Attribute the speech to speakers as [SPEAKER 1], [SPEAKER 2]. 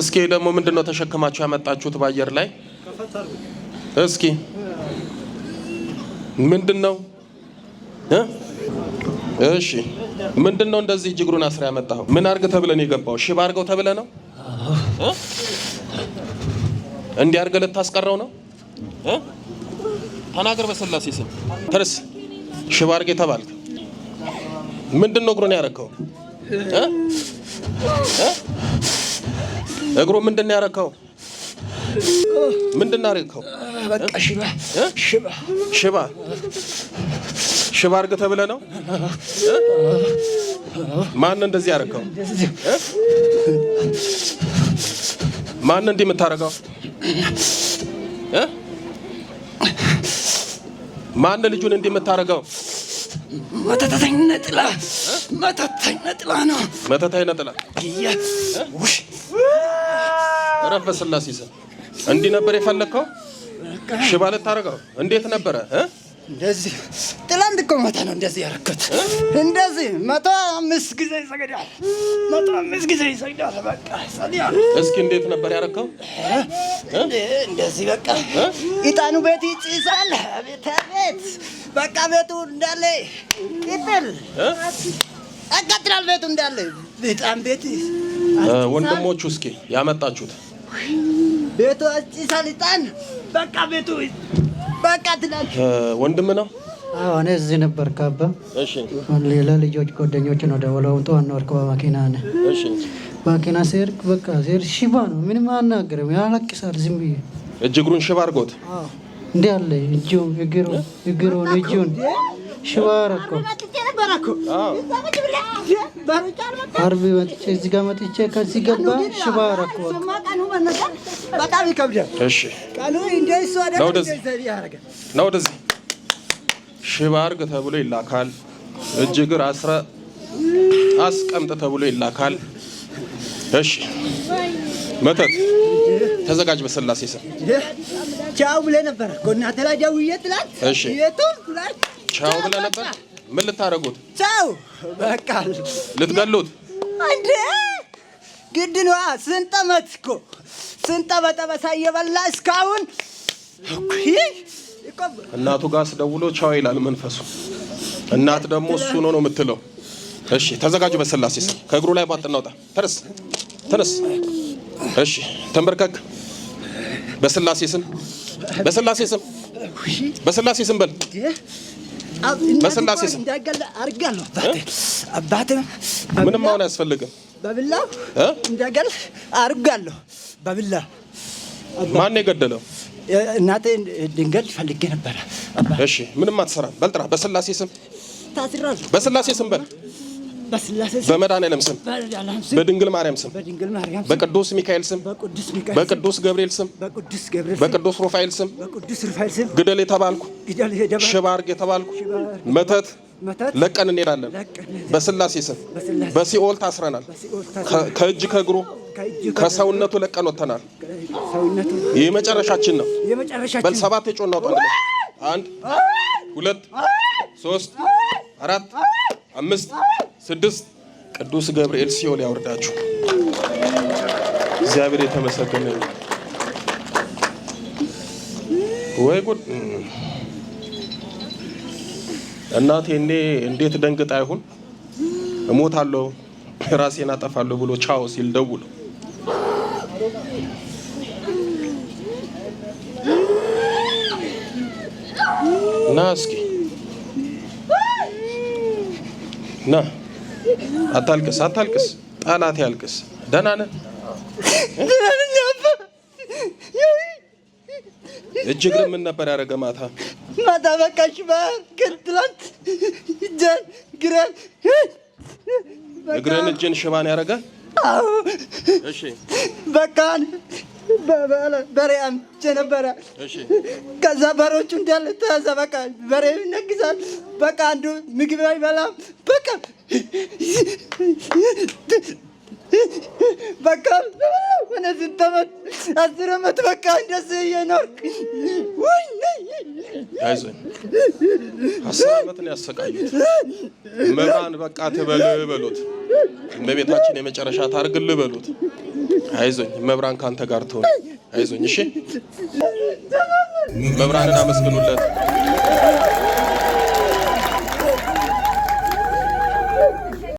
[SPEAKER 1] እስኪ ደግሞ ምንድነው ተሸክማችሁ ያመጣችሁት በአየር ላይ? እስኪ ምንድነው? እሺ ምንድነው እንደዚህ እጅ እግሩን አስራ ያመጣኸው? ምን አርግ ነው የገባው? ሽባ አርገው ተብለ ነው? እንዲህ አርገ ልታስቀረው ነው? ተናገር በስላሴ ስም። ተርስ ሽባ አርገ የተባልክ ምንድነው? እግሩን ያረከው? እግሩ ምንድን ያረከው? ምንድን ነው በቃ ሽባ ሽባ ሽባ ሽባ ተብለ ነው። ማን እንደዚህ ያረከው? ማን እንዲህ የምታረገው? ማን ልጁን እንዲህ የምታረገው?
[SPEAKER 2] ወተተተኝ ነጥላ መተተኛ ጥላ ነው።
[SPEAKER 1] መተተኛ ጥላ ረበ ስላሴ ይዘ እንዲህ ነበር የፈለግከው? ሽባ ልታደርገው እንዴት ነበረ?
[SPEAKER 2] እንደዚህ ጥላ እንድቆመታ ነው። እንደዚህ ያረኩት እንደዚህ መቶ አምስት ጊዜ ይሰግዳል። መቶ አምስት ጊዜ ይሰግዳል። በቃ
[SPEAKER 1] እስኪ እንዴት ነበር ያረከው?
[SPEAKER 2] እንደዚህ በቃ ኢጣኑ ቤት ይጭሳል። ቤት በቃ ቤቱ እንዳለ ይጥል ያቃጥላል። ቤቱ እንዳለ በጣም ቤት
[SPEAKER 1] ወንድሞቹ፣ እስኪ ያመጣችሁት
[SPEAKER 2] ቤቱ ሳልጣን በቃ ቤቱ በቃ ትላል።
[SPEAKER 1] ወንድም ነው።
[SPEAKER 3] አዎ እኔ እዚህ ነበር ካባ። እሺ ሌላ ልጆች ጓደኞች ነው ደውለው እንጠዋን ነው ወርከው በመኪና ነው መኪና ሲሄድ በቃ ሲር ሽባ ነው። ምንም አናገርም፣ ያለቅሳል ዝም ብዬ
[SPEAKER 1] እጅ እግሩን ሽባ አድርጎት
[SPEAKER 3] እንዲህ አለ እጁን እግሩን እግሩን እጁን ሽባ አረከው አርብ መጥቼ እዚህ ጋር መጥቼ ከዚህ ገባ ሽባ ረኮ
[SPEAKER 2] በጣም ይከብዳል። ነው
[SPEAKER 1] ወደዚህ ሽባ አርግ ተብሎ ይላካል። እጅ እግር አስረ አስቀምጥ ተብሎ ይላካል። እሺ መተት ተዘጋጅ። በስላሴ ስም
[SPEAKER 2] ቻው ብለህ ነበር። ጎናተ ላይ ደውዬ ትላት።
[SPEAKER 1] እሺ ቻው ብለህ ነበር ምን ልታረጉት?
[SPEAKER 2] ሰው በቃ ልትገሉት? አንዴ ግድ ነዋ። ስንጠመት እኮ ስንጠበጠበሳ እየበላ እስካሁን
[SPEAKER 1] እናቱ ጋር ስደውሎ ቻው ይላል መንፈሱ። እናት ደግሞ እሱ ነው ነው የምትለው። እሺ ተዘጋጁ። በስላሴ ስም ከእግሩ ላይ ባጥ እናውጣ። ተነስ ተነስ። እሺ ተንበርከክ። በስላሴ ስም በስላሴ ስም በስላሴ ስም በል በስላሴ ስም አባቴ ምንም አሁን አያስፈልግም።
[SPEAKER 2] በብላ እንዳይገል አድርጋለሁ። በብላ
[SPEAKER 1] ማን የገደለው?
[SPEAKER 3] እናቴ ድንገል ፈልጌ ነበረ።
[SPEAKER 1] እሺ ምንም አትሰራም። በልጥራ በስላሴ ስም በስላሴ ስም በል በመድኃኔዓለም ስም፣ በድንግል ማርያም ስም፣ በቅዱስ ሚካኤል ስም፣ በቅዱስ ገብርኤል ስም፣ በቅዱስ ሩፋኤል ስም ግደል የተባልኩ ሽባ አርግ የተባልኩ መተት ለቀን እንሄዳለን። በስላሴ ስም በሲኦል ታስረናል። ከእጅ ከእግሩ ከሰውነቱ ለቀን ወጥተናል። የመጨረሻችን ነው። በል ሰባት የጮና ወጣ አንድ ሁለት ሶስት አራት አምስት ስድስት ቅዱስ ገብርኤል ሲኦል ያወርዳችሁ። እግዚአብሔር የተመሰገነ ወይ ጉድ! እናቴ እኔ እንዴት ደንግጣ አይሁን እሞታለሁ ራሴን አጠፋለሁ ብሎ ቻው ሲል ደውሎ ና እስኪ ና አታልቅስ፣ አታልቅስ፣ ጠላት ያልቅስ። ደህና ነህ? እጅግ ምን ነበር ያደረገ? ማታ
[SPEAKER 2] ማታ በቃ ሽባክርትላት እጀን ግረን
[SPEAKER 1] እግርን እጅን ሽባን ያደረገ። እሺ
[SPEAKER 2] በቃ በሬ አምቼ ከዛ በሬዎቹ እንዳለ ተያዘ። በቃ በሬ ይነግዛል። በቃ አንዱ ምግብ አይበላም። በቃ በቃ እኔ ስንት አስር ዓመት በቃ እንደዚህ እየኖርክ
[SPEAKER 1] አስር ዓመት ነው ያሰቃዩት። መባን በቃ ትበል በሉት። እመቤታችን የመጨረሻ ታርግል በሉት። አይዞኝ መብራን ካንተ ጋር ትሆን። አይዞኝ እሺ። መብራንን አመስግኑለት።